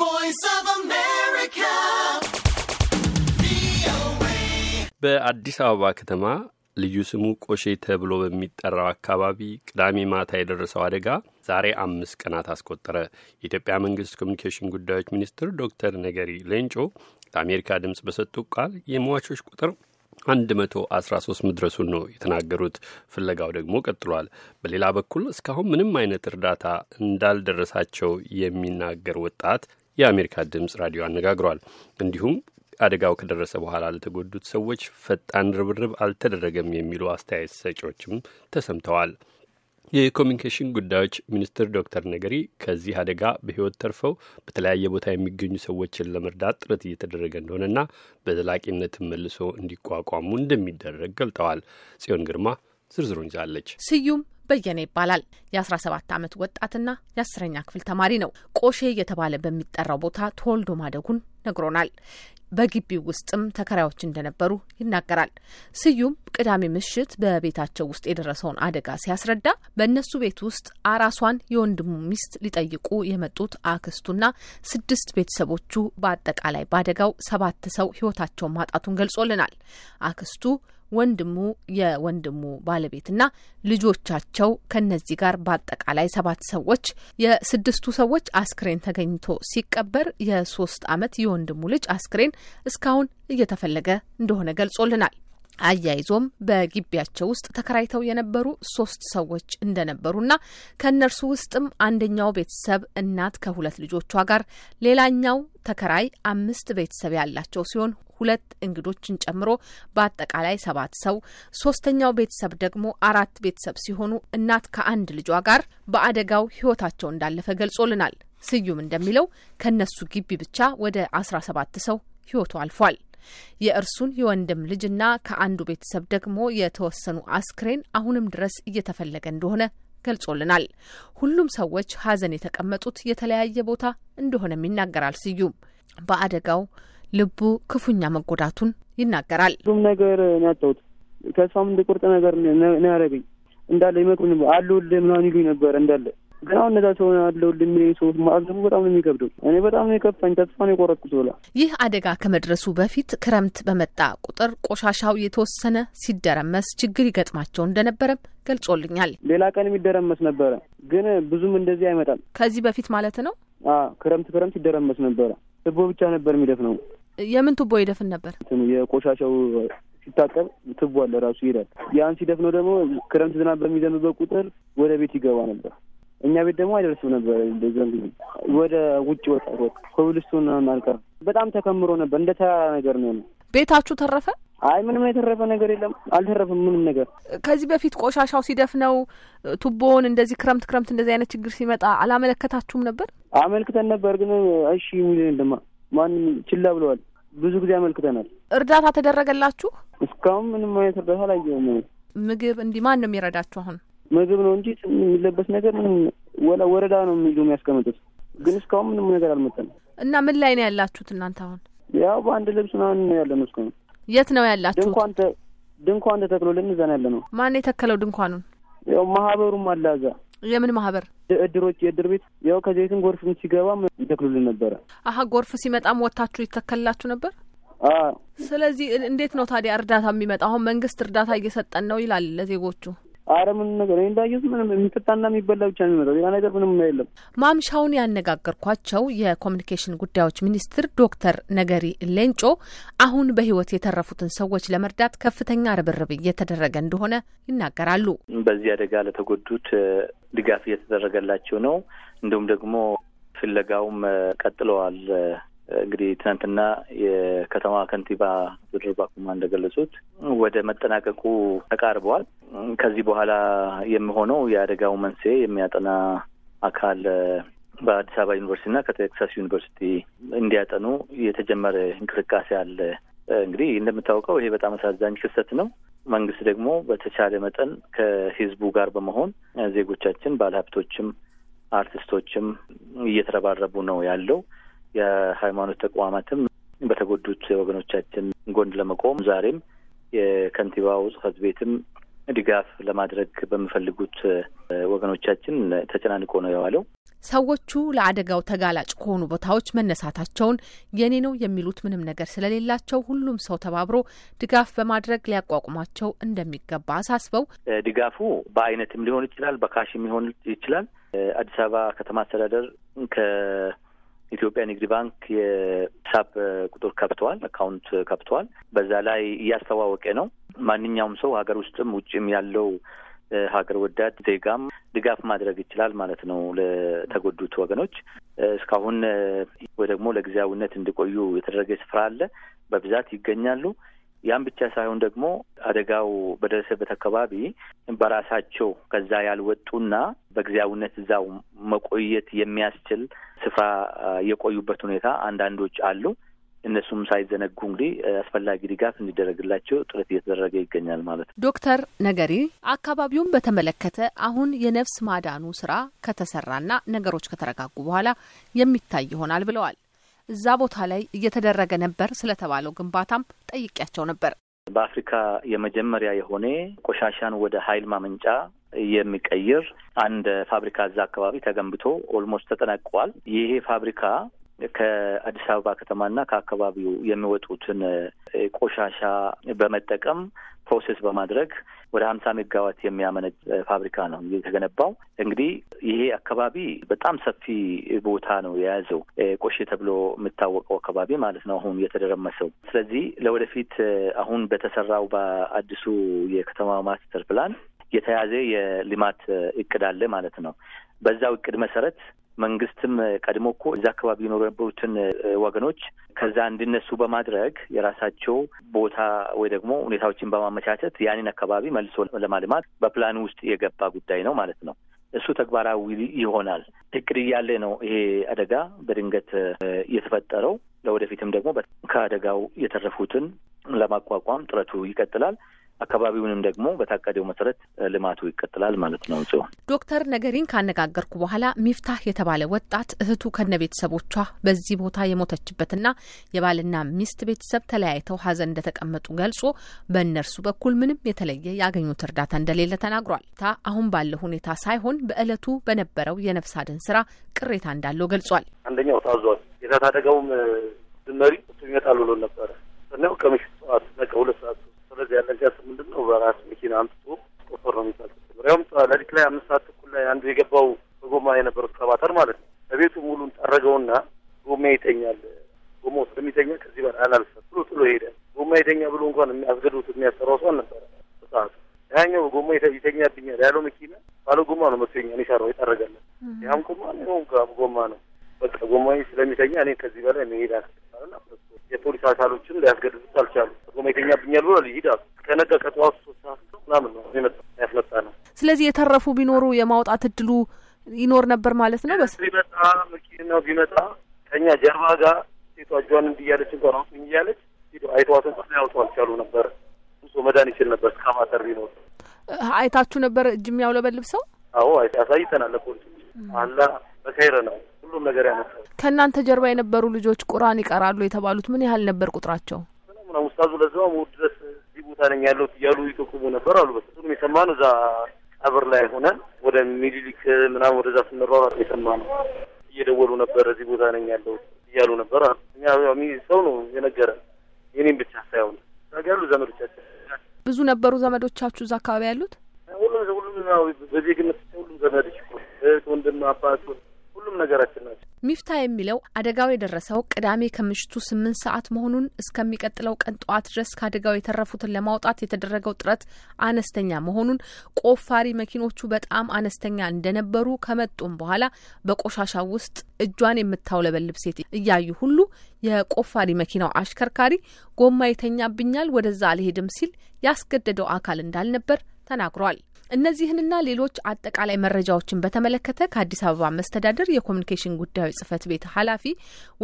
voice በአዲስ አበባ ከተማ ልዩ ስሙ ቆሼ ተብሎ በሚጠራው አካባቢ ቅዳሜ ማታ የደረሰው አደጋ ዛሬ አምስት ቀናት አስቆጠረ። የኢትዮጵያ መንግስት ኮሚኒኬሽን ጉዳዮች ሚኒስትር ዶክተር ነገሪ ሌንጮ ለአሜሪካ ድምፅ በሰጡት ቃል የሟቾች ቁጥር 113 መድረሱን ነው የተናገሩት። ፍለጋው ደግሞ ቀጥሏል። በሌላ በኩል እስካሁን ምንም አይነት እርዳታ እንዳልደረሳቸው የሚናገር ወጣት የአሜሪካ ድምፅ ራዲዮ አነጋግሯል። እንዲሁም አደጋው ከደረሰ በኋላ ለተጎዱት ሰዎች ፈጣን ርብርብ አልተደረገም የሚሉ አስተያየት ሰጪዎችም ተሰምተዋል። የኮሚኒኬሽን ጉዳዮች ሚኒስትር ዶክተር ነገሪ ከዚህ አደጋ በሕይወት ተርፈው በተለያየ ቦታ የሚገኙ ሰዎችን ለመርዳት ጥረት እየተደረገ እንደሆነና በዘላቂነት መልሶ እንዲቋቋሙ እንደሚደረግ ገልጠዋል። ጽዮን ግርማ ዝርዝሩን ይዛለች። ስዩም በየነ ይባላል። የ17 ዓመት ወጣትና የአስረኛ ክፍል ተማሪ ነው። ቆሼ እየተባለ በሚጠራው ቦታ ተወልዶ ማደጉን ነግሮናል። በግቢው ውስጥም ተከራዮች እንደነበሩ ይናገራል። ስዩም ቅዳሜ ምሽት በቤታቸው ውስጥ የደረሰውን አደጋ ሲያስረዳ በእነሱ ቤት ውስጥ አራሷን የወንድሙ ሚስት ሊጠይቁ የመጡት አክስቱና ስድስት ቤተሰቦቹ በአጠቃላይ በአደጋው ሰባት ሰው ሕይወታቸውን ማጣቱን ገልጾልናል። አክስቱ ወንድሙ፣ የወንድሙ ባለቤትና ልጆቻቸው ከነዚህ ጋር በአጠቃላይ ሰባት ሰዎች የስድስቱ ሰዎች አስክሬን ተገኝቶ ሲቀበር የሶስት ዓመት የወንድሙ ልጅ አስክሬን እስካሁን እየተፈለገ እንደሆነ ገልጾልናል። አያይዞም በግቢያቸው ውስጥ ተከራይተው የነበሩ ሶስት ሰዎች እንደነበሩና ከእነርሱ ውስጥም አንደኛው ቤተሰብ እናት ከሁለት ልጆቿ ጋር፣ ሌላኛው ተከራይ አምስት ቤተሰብ ያላቸው ሲሆን ሁለት እንግዶችን ጨምሮ በአጠቃላይ ሰባት ሰው፣ ሶስተኛው ቤተሰብ ደግሞ አራት ቤተሰብ ሲሆኑ እናት ከአንድ ልጇ ጋር በአደጋው ህይወታቸው እንዳለፈ ገልጾልናል። ስዩም እንደሚለው ከእነሱ ግቢ ብቻ ወደ አስራ ሰባት ሰው ህይወቱ አልፏል። የእርሱን የወንድም ልጅና ከአንዱ ቤተሰብ ደግሞ የተወሰኑ አስክሬን አሁንም ድረስ እየተፈለገ እንደሆነ ገልጾልናል። ሁሉም ሰዎች ሀዘን የተቀመጡት የተለያየ ቦታ እንደሆነም ይናገራል። ስዩም በአደጋው ልቡ ክፉኛ መጎዳቱን ይናገራል። ሁሉም ነገር ነው ያጣሁት። ከእሷም እንድቆርጥ ነገር ነው ያደረገኝ። እንዳለ ይመክሩኝ አሉ ምናምን ይሉኝ ነበር እንዳለ ግን አሁን እነዛ ሲሆን ሰዎች ማዕዘቡ በጣም ነው የሚከብደው። እኔ በጣም ነው የከፋኝ፣ ተስፋ ነው የቆረጥኩት ብላ ይህ አደጋ ከመድረሱ በፊት ክረምት በመጣ ቁጥር ቆሻሻው የተወሰነ ሲደረመስ ችግር ይገጥማቸው እንደነበረም ገልጾልኛል። ሌላ ቀን የሚደረመስ ነበረ፣ ግን ብዙም እንደዚህ አይመጣም። ከዚህ በፊት ማለት ነው። ክረምት ክረምት ይደረመስ ነበረ። ትቦ ብቻ ነበር የሚደፍ ነው። የምን ትቦ ይደፍን ነበር? የቆሻሻው ሲታቀብ ትቦ አለ ራሱ ይሄዳል። ያን ሲደፍ ነው ደግሞ ክረምት ዝናብ በሚዘንብበት ቁጥር ወደ ቤት ይገባ ነበር። እኛ ቤት ደግሞ አይደርስም ነበር። ወደ ውጭ ወጣ ኮብልስቱን አልቀር በጣም ተከምሮ ነበር። እንደ ተራ ነገር ነው። ቤታችሁ ተረፈ? አይ ምንም የተረፈ ነገር የለም። አልተረፈም ምንም ነገር። ከዚህ በፊት ቆሻሻው ሲደፍነው ቱቦውን እንደዚህ ክረምት ክረምት እንደዚህ አይነት ችግር ሲመጣ አላመለከታችሁም ነበር? አመልክተን ነበር ግን እሺ ሚሊዮን ደማ ማንም ችላ ብለዋል። ብዙ ጊዜ አመልክተናል። እርዳታ ተደረገላችሁ? እስካሁን ምንም አይነት እርዳታ አላየሁም። ምግብ እንዲህ ማን ነው የሚረዳችሁ አሁን? ምግብ ነው እንጂ የሚለበስ ነገር ምንም ወላ ወረዳ ነው የሚሉ የሚያስቀምጡት ግን እስካሁን ምንም ነገር አልመጣም። እና ምን ላይ ነው ያላችሁት እናንተ አሁን? ያው በአንድ ልብስ ምናምን ነው ያለ ነው። እስካሁን የት ነው ያላችሁት? ድንኳን ድንኳን ተተክሎልን እዛ ነው ያለ ነው። ማን የተከለው ድንኳኑን? ያው ማህበሩም አለ እዛ። የምን ማህበር? እድሮች፣ የእድር ቤት ያው ከዘይትን ጎርፍም ሲገባም ይተክሉልን ነበረ። አሀ ጎርፍ ሲመጣም ወጥታችሁ ይተከልላችሁ ነበር? ስለዚህ እንዴት ነው ታዲያ እርዳታ የሚመጣ? አሁን መንግስት እርዳታ እየሰጠን ነው ይላል ለዜጎቹ አረ ምን ነገር እንዳየሁት ምንም የሚፈታና የሚበላ ብቻ የሚመጣው ሌላ ነገር ምንም የለም። ማምሻውን ያነጋገርኳቸው የኮሚኒኬሽን ጉዳዮች ሚኒስትር ዶክተር ነገሪ ሌንጮ አሁን በህይወት የተረፉትን ሰዎች ለመርዳት ከፍተኛ ርብርብ እየተደረገ እንደሆነ ይናገራሉ። በዚህ አደጋ ለተጎዱት ድጋፍ እየተደረገላቸው ነው። እንዲሁም ደግሞ ፍለጋውም ቀጥለዋል። እንግዲህ ትናንትና የከተማ ከንቲባ ብድር ባኩማ እንደገለጹት ወደ መጠናቀቁ ተቃርበዋል። ከዚህ በኋላ የሚሆነው የአደጋው መንስኤ የሚያጠና አካል በአዲስ አበባ ዩኒቨርሲቲና ከቴክሳስ ዩኒቨርሲቲ እንዲያጠኑ የተጀመረ እንቅስቃሴ አለ። እንግዲህ እንደምታውቀው ይሄ በጣም አሳዛኝ ክስተት ነው። መንግስት ደግሞ በተቻለ መጠን ከህዝቡ ጋር በመሆን ዜጎቻችን፣ ባለሀብቶችም፣ አርቲስቶችም እየተረባረቡ ነው ያለው የሃይማኖት ተቋማትም በተጎዱት ወገኖቻችን ጎን ለመቆም ዛሬም የከንቲባው ጽፈት ቤትም ድጋፍ ለማድረግ በሚፈልጉት ወገኖቻችን ተጨናንቆ ነው የዋለው። ሰዎቹ ለአደጋው ተጋላጭ ከሆኑ ቦታዎች መነሳታቸውን የኔ ነው የሚሉት ምንም ነገር ስለሌላቸው ሁሉም ሰው ተባብሮ ድጋፍ በማድረግ ሊያቋቁማቸው እንደሚገባ አሳስበው ድጋፉ በአይነትም ሊሆን ይችላል፣ በካሽም ሊሆን ይችላል። አዲስ አበባ ከተማ አስተዳደር ከ ኢትዮጵያ ንግድ ባንክ የሂሳብ ቁጥር ከብተዋል አካውንት ከብተዋል። በዛ ላይ እያስተዋወቀ ነው። ማንኛውም ሰው ሀገር ውስጥም ውጭም ያለው ሀገር ወዳድ ዜጋም ድጋፍ ማድረግ ይችላል ማለት ነው ለተጎዱት ወገኖች። እስካሁን ወይ ደግሞ ለጊዜያዊነት እንዲቆዩ የተደረገ ስፍራ አለ። በብዛት ይገኛሉ። ያም ብቻ ሳይሆን ደግሞ አደጋው በደረሰበት አካባቢ በራሳቸው ከዛ ያልወጡና በጊዜያዊነት እዛው መቆየት የሚያስችል ስፍራ የቆዩበት ሁኔታ አንዳንዶች አሉ። እነሱም ሳይዘነጉ እንግዲህ አስፈላጊ ድጋፍ እንዲደረግላቸው ጥረት እየተደረገ ይገኛል ማለት ነው። ዶክተር ነገሪ አካባቢውን በተመለከተ አሁን የነፍስ ማዳኑ ስራ ከተሰራና ነገሮች ከተረጋጉ በኋላ የሚታይ ይሆናል ብለዋል። እዛ ቦታ ላይ እየተደረገ ነበር ስለተባለው ግንባታም ጠይቄያቸው ነበር። በአፍሪካ የመጀመሪያ የሆነ ቆሻሻን ወደ ኃይል ማመንጫ የሚቀይር አንድ ፋብሪካ እዛ አካባቢ ተገንብቶ ኦልሞስት ተጠናቋል። ይሄ ፋብሪካ ከአዲስ አበባ ከተማና ከአካባቢው የሚወጡትን ቆሻሻ በመጠቀም ፕሮሴስ በማድረግ ወደ ሀምሳ ሜጋዋት የሚያመነጭ ፋብሪካ ነው የተገነባው። እንግዲህ ይሄ አካባቢ በጣም ሰፊ ቦታ ነው የያዘው ቆሼ ተብሎ የሚታወቀው አካባቢ ማለት ነው፣ አሁን የተደረመሰው። ስለዚህ ለወደፊት አሁን በተሰራው በአዲሱ የከተማ ማስተር ፕላን የተያዘ የልማት እቅድ አለ ማለት ነው። በዛው እቅድ መሰረት መንግስትም ቀድሞ እኮ እዚ አካባቢ ይኖሩ የነበሩትን ወገኖች ከዛ እንዲነሱ በማድረግ የራሳቸው ቦታ ወይ ደግሞ ሁኔታዎችን በማመቻቸት ያንን አካባቢ መልሶ ለማልማት በፕላን ውስጥ የገባ ጉዳይ ነው ማለት ነው። እሱ ተግባራዊ ይሆናል። እቅድ እያለ ነው ይሄ አደጋ በድንገት የተፈጠረው። ለወደፊትም ደግሞ ከአደጋው የተረፉትን ለማቋቋም ጥረቱ ይቀጥላል። አካባቢውንም ደግሞ በታቀደው መሰረት ልማቱ ይቀጥላል ማለት ነው። ጽዮን ዶክተር ነገሪን ካነጋገርኩ በኋላ ሚፍታህ የተባለ ወጣት እህቱ ከነ ቤተሰቦቿ በዚህ ቦታ የሞተችበትና የባልና ሚስት ቤተሰብ ተለያይተው ሀዘን እንደተቀመጡ ገልጾ በእነርሱ በኩል ምንም የተለየ ያገኙት እርዳታ እንደሌለ ተናግሯል። አሁን ባለው ሁኔታ ሳይሆን በእለቱ በነበረው የነፍስ አድን ስራ ቅሬታ እንዳለው ገልጿል። አንደኛው ታዟል። የታታደገውም ዝመሪ ይመጣል ብሎን ነበረ እናው ከምሽት ጠዋት ሁለት ሰዓት ስለዚህ ያለ ሲያስብ ምንድን ነው በራሱ መኪና አምጥቶ ቆፈር ነው የሚባል ያውም ለሊት ላይ አምስት ሰዓት ተኩል ላይ አንዱ የገባው በጎማ የነበረው ተባተር ማለት ነው። በቤቱ ሙሉን ጠረገውና ጎማ ይተኛል ጎማ ስለሚተኛ ከዚህ በላይ አላልፈም ብሎ ጥሎ ይሄዳል። ጎማ ይተኛ ብሎ እንኳን የሚያስገድሉት የሚያሰራው ሰው አልነበረ በሰዓቱ። ያኛው ጎማ ይተኛብኛል ያለው መኪና ባለ ጎማ ነው መቶኛ እኔ ሻራ ይጠረጋለን ያም ጎማ ነው ጎማ ነው በቃ ጎማ ስለሚተኛ እኔ ከዚህ በላይ መሄድ አልችልም የፖሊስ አካሎችን ሊያስገድዱት አልቻሉ። ቁም የተኛብኛል ብሎ ልሂድ ከነገ ከነቀ ሶስት ሰዓት ምናምን ነው መጣ ያስመጣ ነው። ስለዚህ የተረፉ ቢኖሩ የማውጣት እድሉ ይኖር ነበር ማለት ነው። በስ ቢመጣ ነው ቢመጣ ከኛ ጀርባ ጋር ሴቷ እጇን እንዲያለች እንኳን አሁን እንዲያለች አይተዋት እንኳን ሊያወጡ አልቻሉ ነበር። ብዙ መዳን ይችል ነበር። እስካማተር ቢኖር አይታችሁ ነበር እጅ የሚያውለበልብ ሰው። አዎ አሳይተናል ለፖሊሶች አላ በከይረ ነው ሁሉም ነገር ያመጣል። ከእናንተ ጀርባ የነበሩ ልጆች ቁርአን ይቀራሉ የተባሉት ምን ያህል ነበር ቁጥራቸው? ውስታዙ ለዛው እሑድ ድረስ እዚህ ቦታ ነኝ ያለሁት እያሉ ይጠቁሙ ነበር አሉ። በስቱም የሰማን እዛ ቀብር ላይ ሆነ ወደ ሚኒሊክ ምናምን ወደዛ ስንሯሯጥ የሰማ ነው። እየደወሉ ነበር እዚህ ቦታ ነኝ ያለሁት እያሉ ነበር አሉ። እኛ ሰው ነው የነገረን የኔም ብቻ ሳይሆን እዛ ያሉ ዘመዶቻችን ብዙ ነበሩ። ዘመዶቻችሁ እዛ አካባቢ ያሉት ሁሉም ሁሉም በዜግነት ሁሉም ዘመዶች ሁሉም ወንድም አባት ሁሉም ነገራችን ሚፍታ የሚለው አደጋው የደረሰው ቅዳሜ ከምሽቱ ስምንት ሰዓት መሆኑን እስከሚቀጥለው ቀን ጠዋት ድረስ ከአደጋው የተረፉትን ለማውጣት የተደረገው ጥረት አነስተኛ መሆኑን፣ ቆፋሪ መኪኖቹ በጣም አነስተኛ እንደነበሩ፣ ከመጡም በኋላ በቆሻሻ ውስጥ እጇን የምታውለበልብ ሴት እያዩ ሁሉ የቆፋሪ መኪናው አሽከርካሪ ጎማ ይተኛብኛል፣ ወደዛ አልሄድም ሲል ያስገደደው አካል እንዳልነበር ተናግሯል። እነዚህንና ሌሎች አጠቃላይ መረጃዎችን በተመለከተ ከአዲስ አበባ መስተዳደር የኮሚኒኬሽን ጉዳዮች ጽህፈት ቤት ኃላፊ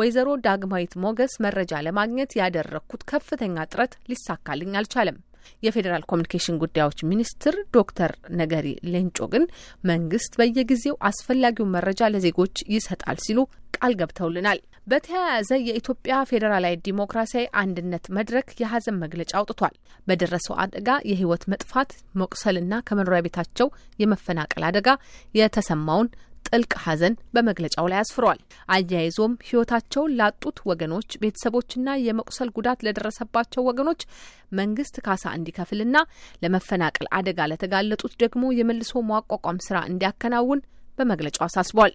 ወይዘሮ ዳግማዊት ሞገስ መረጃ ለማግኘት ያደረግኩት ከፍተኛ ጥረት ሊሳካልኝ አልቻለም። የፌዴራል ኮሚኒኬሽን ጉዳዮች ሚኒስትር ዶክተር ነገሪ ሌንጮ ግን መንግስት በየጊዜው አስፈላጊውን መረጃ ለዜጎች ይሰጣል ሲሉ ቃል ገብተውልናል። በተያያዘ የኢትዮጵያ ፌዴራላዊ ዲሞክራሲያዊ አንድነት መድረክ የሀዘን መግለጫ አውጥቷል። በደረሰው አደጋ የህይወት መጥፋት፣ መቁሰልና ከመኖሪያ ቤታቸው የመፈናቀል አደጋ የተሰማውን ጥልቅ ሐዘን በመግለጫው ላይ አስፍሯል። አያይዞም ሕይወታቸውን ላጡት ወገኖች ቤተሰቦችና የመቁሰል ጉዳት ለደረሰባቸው ወገኖች መንግስት ካሳ እንዲከፍልና ለመፈናቀል አደጋ ለተጋለጡት ደግሞ የመልሶ ማቋቋም ስራ እንዲያከናውን በመግለጫው አሳስቧል።